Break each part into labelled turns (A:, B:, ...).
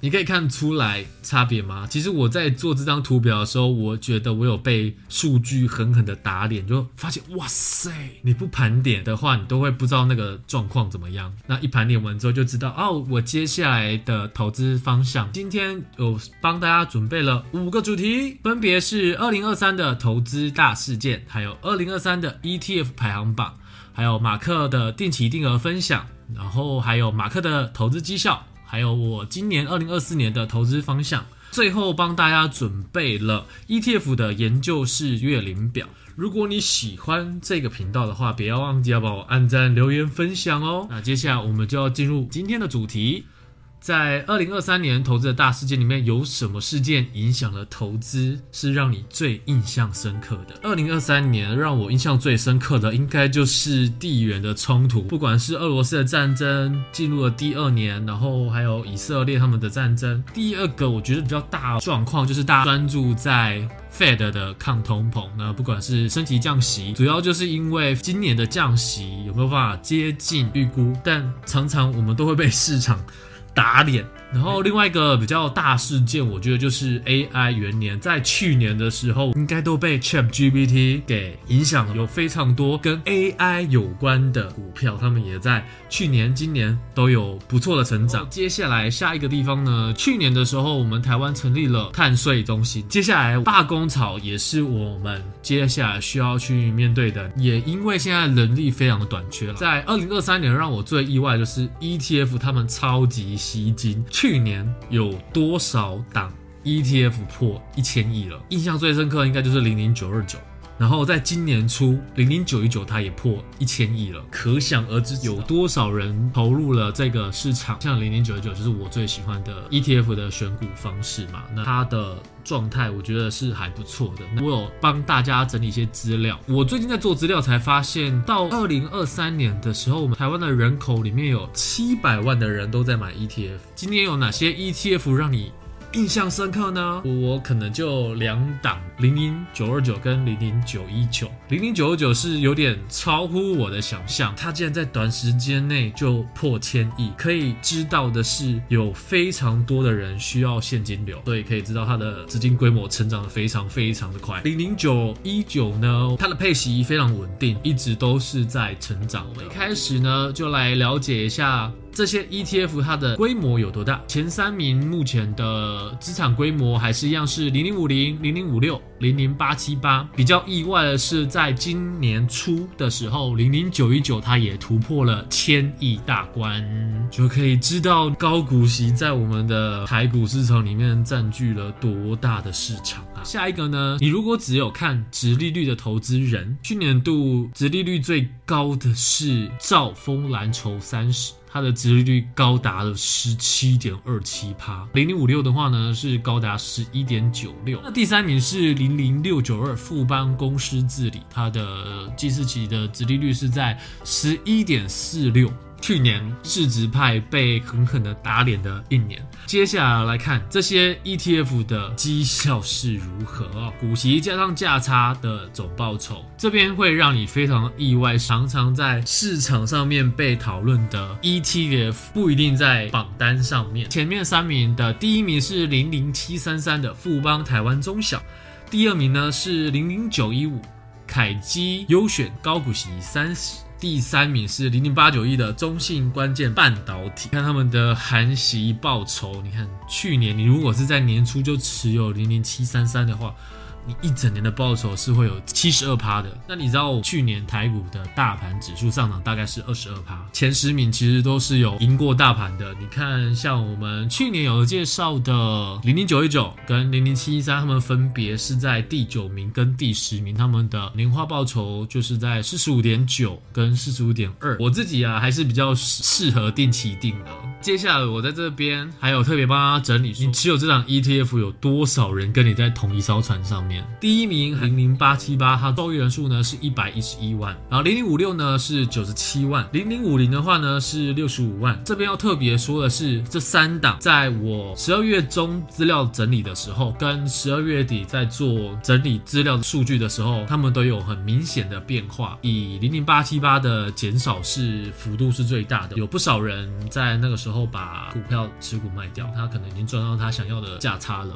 A: 你可以看出來差別嗎？其實我在做這張圖表的時候，我覺得我有被數據狠狠的打臉，就發現哇塞，你不盤點的話，你都會不知道那個狀況怎麼樣。那一盤點完之後，就知道哦，我接下來的投資方向。今天有幫大家準備了五個主題，分別是二零二三的投資大事件，還有二零二三的 ETF 排行榜，還有馬克的定期定額分享，然後還有馬克的投資績效。還有我今年二零二四年的投資方向，最後幫大家準備了 ETF 的研究室月領表。如果你喜歡這個頻道的話，不要忘記要幫我按讚、留言、分享哦。那接下來我們就要進入今天的主題。在二零二三年投資的大事件裡面，有什麼事件影響了投資？是讓你最印象深刻的？二零二三年讓我印象最深刻的，應該就是地緣的衝突，不管是俄羅斯的戰爭進入了第二年，然後還有以色列他們的戰爭。第二個我覺得比較大狀況，就是大家專注在 Fed 的抗通膨，那不管是升級降息，主要就是因為今年的降息有沒有辦法接近預估？但常常我們都會被市場。打臉。然後另外一個比較大事件，我覺得就是 AI 元年，在去年的時候，應該都被 ChatGPT 給影響了， 有非常多跟 AI 有關的股票，他們也在去年、今年都有不錯的成長。接下來下一個地方呢，去年的時候，我們台灣成立了碳稅中心，接下來罷工潮也是我們接下來需要去面對的，也因為現在人力非常的短缺了。在二零二三年，讓我最意外的就是 ETF 他們超級吸金。去年有多少檔 ETF 破一千億了？印象最深刻應該就是00929。然後在今年初，零零九一九它也破一千億了，可想而知，有多少人投入了這個市場。像零零九一九就是我最喜歡的 ETF 的選股方式嘛，那它的狀態我覺得是還不錯的。那我有幫大家整理一些資料，我最近在做資料才發現，到二零二三年的時候，我們台灣的人口裡面有七百萬的人都在買 ETF。今年有哪些 ETF 讓你印象深刻呢，我可能就兩檔零零九二九跟零零九一九，零零九二九是有點超乎我的想象，它竟然在短時間內就破千億。可以知道的是，有非常多的人需要現金流，所以可以知道它的資金規模成長得非常非常的快。零零九一九呢，它的配息非常穩定，一直都是在成長的。一開始呢，就來了解一下。這些 ETF 它的規模有多大？前三名目前的資產規模還是一樣是零零五零、零零五六、零零八七八。比較意外的是，在今年初的時候，零零九一九它也突破了千億大關，就可以知道高股息在我們的台股市場裡面佔據了多大的市場啊。下一個呢？你如果只有看殖利率的投資人，去年度殖利率最高的是兆豐藍籌三十。它的殖利率高達了十七點二七趴，零零五六的話呢是高達十一點九六，那第三名是零零六九二富邦公司治理，它的計息期的殖利率是在十一點四六。去年市值派被狠狠地打臉的一年，接下來來看這些 ETF 的績效是如何哦，股息加上價差的總報酬，這邊會讓你非常意外，常常在市場上面被討論的 ETF 不一定在榜單上面，前面三名的第一名是零零七三三的富邦台灣中小，第二名呢是零零九一五凱基優選高股息三十。第三名是零零八九一的中信關鍵半導體，看他們的含息報酬。你看去年你如果是在年初就持有零零七三三的話，你一整年的報酬是會有七十二趴的。那你知道我去年台股的大盤指數上漲大概是二十二趴，前十名其實都是有贏過大盤的。你看，像我們去年有介紹的零零九一九跟零零七一三，他們分別是在第九名跟第十名，他們的年化報酬就是在四十五點九跟四十五點二。我自己啊還是比較適合定期定額。接下來我在這邊還有特別幫他整理，你持有這檔 ETF 有多少人跟你在同一艘船上面？第一名零零八七八，它受益人數呢是一百一十一萬，然後零零五六呢是九十七萬，零零五零的話呢是六十五萬。這邊要特別說的是，這三檔在我十二月中資料整理的時候，跟十二月底在做整理資料的數據的時候，他們都有很明顯的變化。以零零八七八的減少是幅度是最大的，有不少人在那個時候時候把股票持股賣掉，他可能已經賺到他想要的價差了。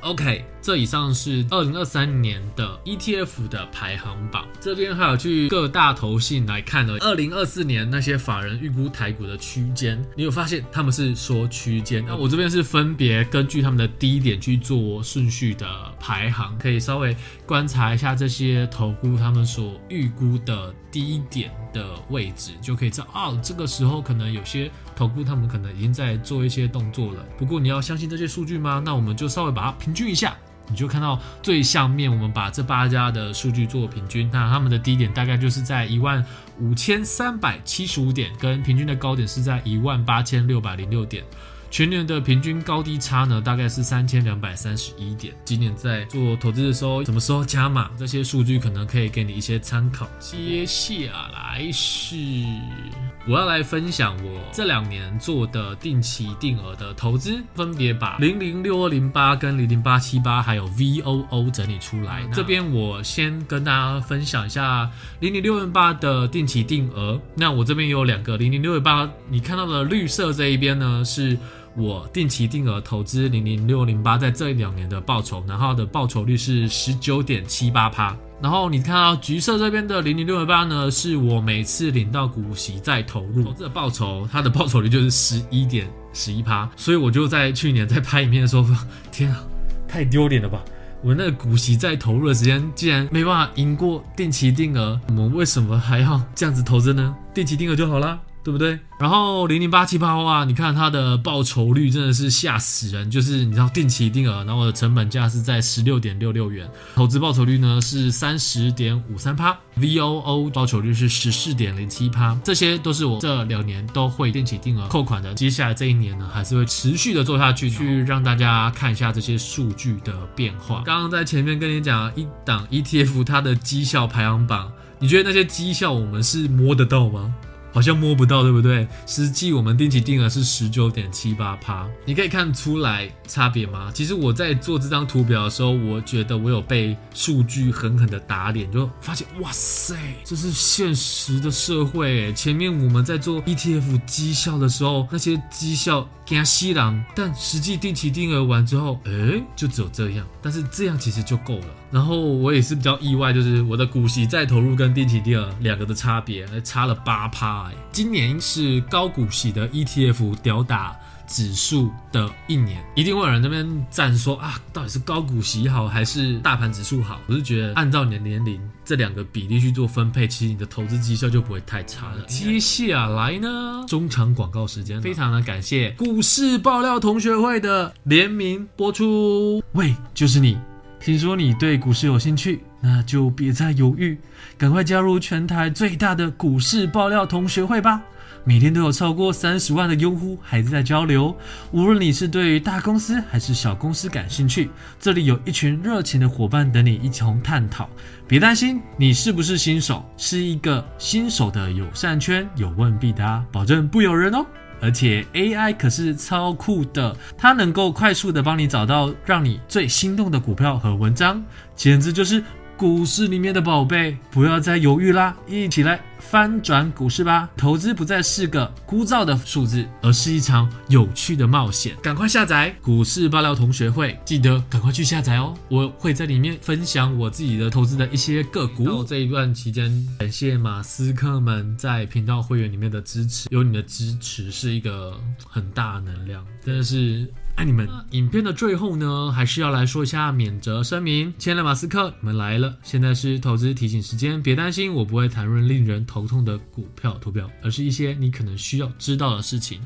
A: OK，這以上是二零二三年的 ETF 的排行榜。這邊還有去各大投信來看了二零二四年那些法人預估台股的區間，你有發現他們是說區間？那我這邊是分別根據他們的低點去做順序的排行，可以稍微觀察一下這些投估他們所預估的低點。的位置就可以知道哦，這個時候可能有些頭部，他們可能已經在做一些動作了。不過你要相信這些數據嗎？那我們就稍微把它平均一下，你就看到最下面，我們把這八家的數據做平均，那他們的低點大概就是在一萬五千三百七十五點，跟平均的高點是在一萬八千六百零六點。全年的平均高低差呢，大概是三千兩百三十一點。今年在做投資的時候，什麼時候加碼？這些數據可能可以給你一些參考。接下來是我要來分享我這兩年做的定期定額的投資，分別把零零六二零八跟零零八七八還有 V O O 整理出來。這邊我先跟大家分享一下零零六二八的定期定額。那我這邊有兩個零零六二八，你看到的綠色這一邊呢是我定期定額投資零零六零八，在這一兩年的報酬，然後的報酬率是十九點七八趴。然後你看到橘色這邊的零零六零八呢，是我每次領到股息再投入。投資的報酬，它的報酬率就是十一點十一趴。所以我就在去年在拍影片的時候說，天啊，太丟臉了吧！我那個股息再投入的時間，竟然沒辦法贏過定期定額，我們為什麼還要這樣子投資呢？定期定額就好啦。對不對？然後零零八七八的話，你看它的報酬率真的是嚇死人。就是你知道定期定額，然後我的成本價是在十六點六六元，投資報酬率呢是三十點五三趴，VOO 報酬率是十四點零七趴，這些都是我這兩年都會定期定額扣款的。接下來這一年呢，還是會持續的做下去，去讓大家看一下這些數據的變化。剛剛在前面跟你講一檔 ETF，它的績效排行榜，你覺得那些績效我們是摸得到嗎？好像摸不到，對不對？實際我們定期定額是十九點七八趴，你可以看出來差別嗎？其實我在做這張圖表的時候，我覺得我有被數據狠狠的打臉，就發現哇塞，這是現實的社會。誒，前面我們在做 ETF 績效的時候，那些績效跟稀爛，但實際定期定額完之後，誒，就只有這樣。但是這樣其實就夠了。然後我也是比較意外，就是我的股息再投入跟定期定額兩個的差別，差了八趴。欸、今年是高股息的 ETF 吊打指數的一年，一定會有人那邊站說，啊，到底是高股息好還是大盤指數好？我是覺得按照你的年齡，這兩個比例去做分配，其實你的投資績效就不會太差了。欸。接下來呢，中場廣告時間，非常的感謝股市爆料同學會的聯名播出，喂，就是你。聽說你對股市有興趣，那就別再猶豫，趕快加入全台最大的股市爆料同學會吧！每天都有超過三十萬的用戶還在交流。無論你是對於大公司還是小公司感興趣，這裡有一群熱情的伙伴等你一同探討。別擔心，你是不是新手？是一個新手的友善圈，有問必答，保證不咬人哦。而且 AI 可是超酷的，它能夠快速的幫你找到讓你最心動的股票和文章，簡直就是股市裡面的寶貝！不要再猶豫啦，一起來！翻轉股市吧，投資不再是個枯燥的數字，而是一場有趣的冒險。趕快下載股市爆料同學會，記得趕快去下載哦！我會在裡面分享我自己的投資的一些個股。這一段期間，感謝馬濕克們在頻道會員裡面的支持，有你的支持是一個很大的能量，真的是。愛、啊、你們！影片的最後呢，還是要來說一下免責聲明。親愛的馬濕克，你們來了。現在是投資提醒時間，別擔心，我不會談論令人頭痛的股票圖表，而是一些你可能需要知道的事情。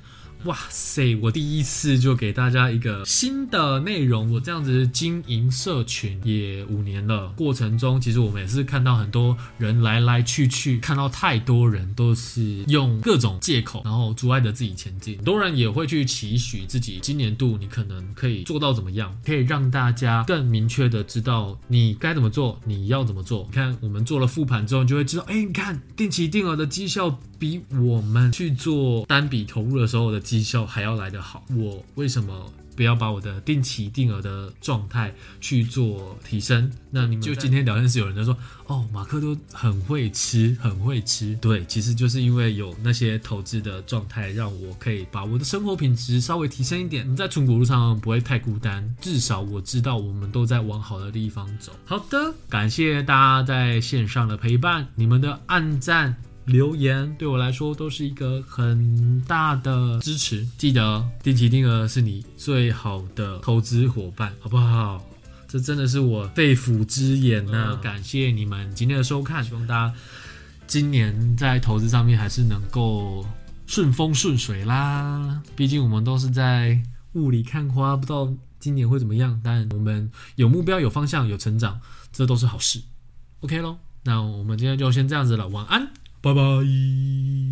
A: 哇塞！我第一次就給大家一個新的內容。我這樣子經營社群也五年了，過程中其實我每次看到很多人來來去去，看到太多人都是用各種借口，然後阻礙着自己前進。很多人也會去期許自己，今年度你可能可以做到怎麼樣？可以讓大家更明確的知道你該怎麼做，你要怎麼做。你看我們做了復盤之後，你就會知道，哎，你看定期定額的績效比我們去做單筆投入的時候的。績效還要來得好，我為什麼不要把我的定期定額的狀態去做提升？那你們就今天聊天室有人在說，哦，馬克都很會吃，很會吃。對，其實就是因為有那些投資的狀態，讓我可以把我的生活品質稍微提升一點。你在存股路上不會太孤單，至少我知道我們都在往好的地方走。好的，感謝大家在線上的陪伴，你們的按讚，留言對我來說都是一個很大的支持，記得定期定額是你最好的投資夥伴，好不好？這真的是我肺腑之言吶、啊呃！感謝你們今天的收看，希望大家今年在投資上面還是能夠順風順水啦。畢竟我們都是在霧裡看花，不知道今年會怎麼樣，但我們有目標、有方向、有成長，這都是好事。OK 咯，那我們今天就先這樣子了，晚安。拜拜。